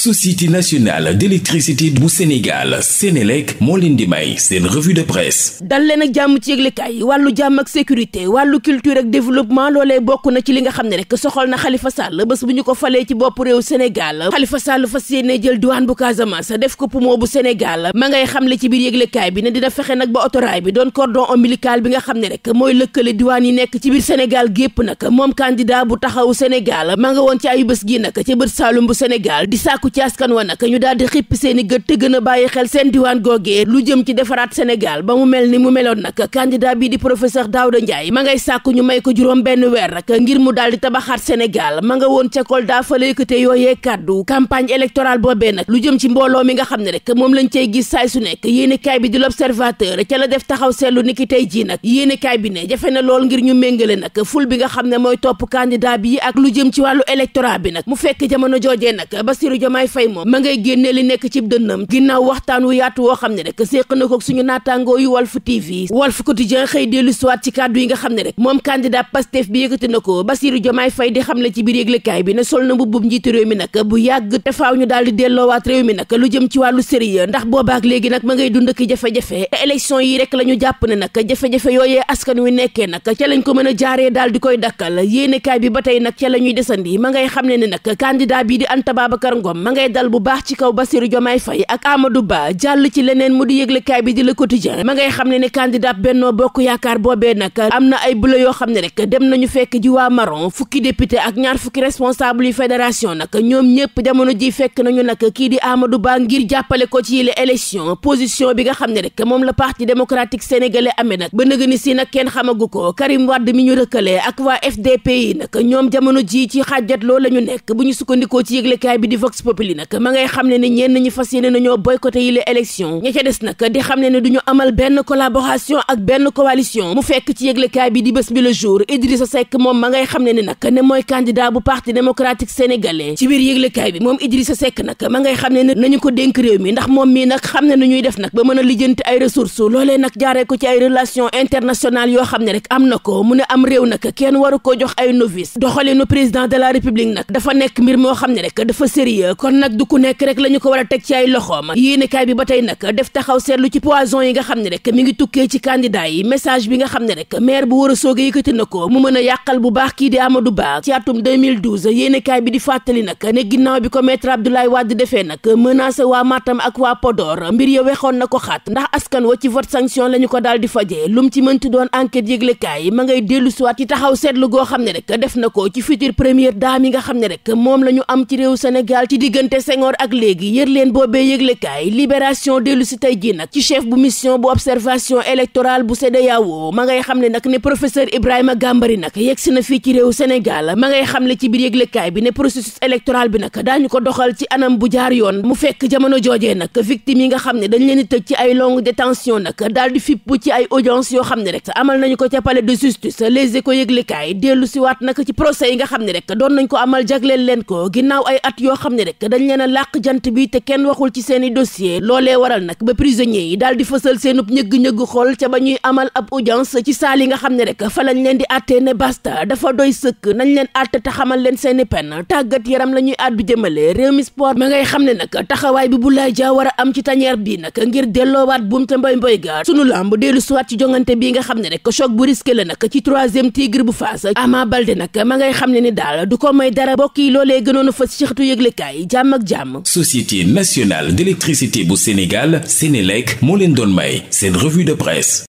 société nationale d'électricité bu Sénégal Sénélec moo leen di may seen revue de presse dal leen ak jàmm ci yëglekaay wàllu jàmm ak sécurité wàllu culture ak développement loolee bokk na ci li nga xam ne rek soxal na xalifa Sall bés bu ñu ko falee ci bopp réew Sénégal Khalifa Sall fas yéene jël diwaan bu Casamance def ko poumon bu Sénégal ma ngay xam le ci biir yëglekaay bi ne dina fexe nag ba autorail bi doon cordon ombilical bi nga xam ne re mooy lëkkale diwaan yi nekk ci biir Sénégal gépp nag moom candidat bu taxawu Sénégal ma nga woon ci ayu bés gi nag ca bët Saalum bu Sénégal di sàkku ci askan wa nag ñu daal di xipp seen i gët te gën a bàyyi xel seen diwaan googee lu jëm ci defaraat Sénégal ba mu mel ni mu meloon nag candidat bii di professeur Daouda Ndiaye ma ngay sàkk ñu may ko juróom benn weer rek ngir mu daal di tabaxaat Sénégal ma nga woon ca Kolda fa la yëkkatee yooyee kàddu campagne électorale boobee nag lu jëm ci mbooloo mi nga xam ne rek moom lañ cey gis saay su nekk yéenekaay bi di l'observateur ca la def taxaw seetlu nikki ki tey jii nag yéenekaay bi ne jafe na lool ngir ñu méngale nag ful bi nga xam ne mooy topp candidat bi ak lu jëm ci wàllu bi nag mu fekk jamono joojee nag Bassirou Diomaye Faye moom ma ngay génne li nekk ci dënnam ginnaaw waxtaan wu yaatu woo xam ne rek séq suñu naataangoo yu Walf TV Walf Quotidien xëy dellu siwaat ci kàddu yi nga xam ne rek moom candidat Pastef bi yëkkati na bi ne sol na mbubbum njiitu réew mi nag bu yàgg te ñu daal di delloowaat réew mi nag lu jëm ci wàllu sérieux ndax boobaak léegi nag ma ngay dund ki jafe-jafe la ñu jàpp ne nag jafe yooyee askan wi nekkee nag ca lañ ko mën a jaaree daal di koy dakkal yéenekaay ma ngay dal bu baax ci kaw Bassirou Diomaye Faye ak Amadou Ba jàll ci leneen mu di yëglekaay bi di Le Quotidien ma ngay xam ne ne candidat Benno Bokk Yaakaar boobee nag am na ay bula yoo xam ne rek dem nañu fekk ji waa Maron fukki député ak ñaar fukki responsable yu fédération nag ñoom ñëpp jamono ji fekk nañu nag kii di amadu Ba ngir jàppale ko ci yile élection position bi nga xam ne rek moom la parti démocratique sénégalais amee nag ba nëgëni si nag kenn xamagu ko Karim Wade mi ñu rëkkalee ak waa FDP yi nag ñoom jamono ji ci xàjjatloo la ñu nekk bu ñu sukkandikoo ci yëglekaay bi di Populi nag ma ngay xam ne ne ñenn ñi fas yéene nañoo boycotté yi les élections ña des nag di xam ne ne du ñu amal benn collaboration ak benn coalition mu fekk ci yëglekaay bi di bés bi le jour Idrissa Seck moom ma ngay xam ne ne nag ne mooy candidat bu parti démocratique sénégalais ci biir yëglekaay bi moom Idrissa Seck nag ma ngay xam ne ne nañu ko dénk réew mi ndax moom mii nag xam ne nu ñuy def nag ba mën a lijjanti ay ressources loole nag jaaree ko ci ay relation internationales yoo xam ne rek am na ko mu ne am réew nag kenn waru koo jox ay novice doxalinu président de la république nag dafa nekk mbir moo xam ne rek dafa kon nag du ku nekk rek la ñu ko war a teg ci ay loxoom yéenekaay bi ba tey nag def taxaw seetlu ci poison yi nga xam ne rek mi ngi tukkee ci candidat yi message bi nga xam ne rek maire bu war a sooga na ko mu mën a yàqal bu baax kii di Amadou Ba ci atum 2012 yéenekaay bi di fàttali nag ne ginnaaw bi ko maître Abdoulaye Wade defee nag menacé waa Matam ak waa Podor mbir ya wexoon na ko xaat ndax askan wa ci vote sanction la ñu ko daal di fajee lu mu ci mënti doon enquête yëglekaay ma ngay dellu siwaat ci taxaw seetlu goo xam ne rek def na ko ci future première dame yi nga xam ne rek moom la ñu am ci réew Sénégal ci digg diggante Senghor ak léegi yër leen boobee yëglekaay libération dellu si tey ji nag ci chef bu mission bu observation électorale bu CEDEAO ma ngay xam ne nag ne professeur Ibrahima Gambari nag yegg si na fii ci réew Sénégal ma ngay xam ne ci biir yëglekaay bi ne processus électoral bi nag daañu ko doxal ci anam bu jaar yoon mu fekk jamono joojee nag victime yi nga xam ne dañ leen di tëj ci ay longue détention nag dal di fipp ci ay audience yoo xam ne rek amal nañu ko ca palais de justice les échos yëglekaay dellu si waat nag ci procès yi nga xam ne rek doon nañ ko amal jagleel leen ko ginnaaw ay at yoo xam ne rek dañu leen a làq jant bi te kenn waxul ci seen i dossier loolee waral nag ba prisonniers yi daal di fësal seenub ñëgg-ñëgg xool ca ba ñuy amal ab audience ci saal yi nga xam ne rek fa lañ leen di àttee ne basta dafa doy sëkk nañ leen àtte te xamal leen seen i pen tàggat yaram la ñuy àddu jëmale réew mi sport ma ngay xam ne nag taxawaay bi Boulaye Dia war a am ci tañeer bi nag ngir delloowaat buum te mboy mboy ga sunu lamb dellu suwaat ci jongante bi nga xam ne rek choc bu risqué la nag ci troisième tigre bu Fass Ama Baldé nag ma ngay xam ne ni daal du may dara bokk yi loolee gënoon a fës ci xëtu jàmm ak jàmm. Société nationale d'électricité bu Sénégal Sénélec moo leen doon may seen revue de presse.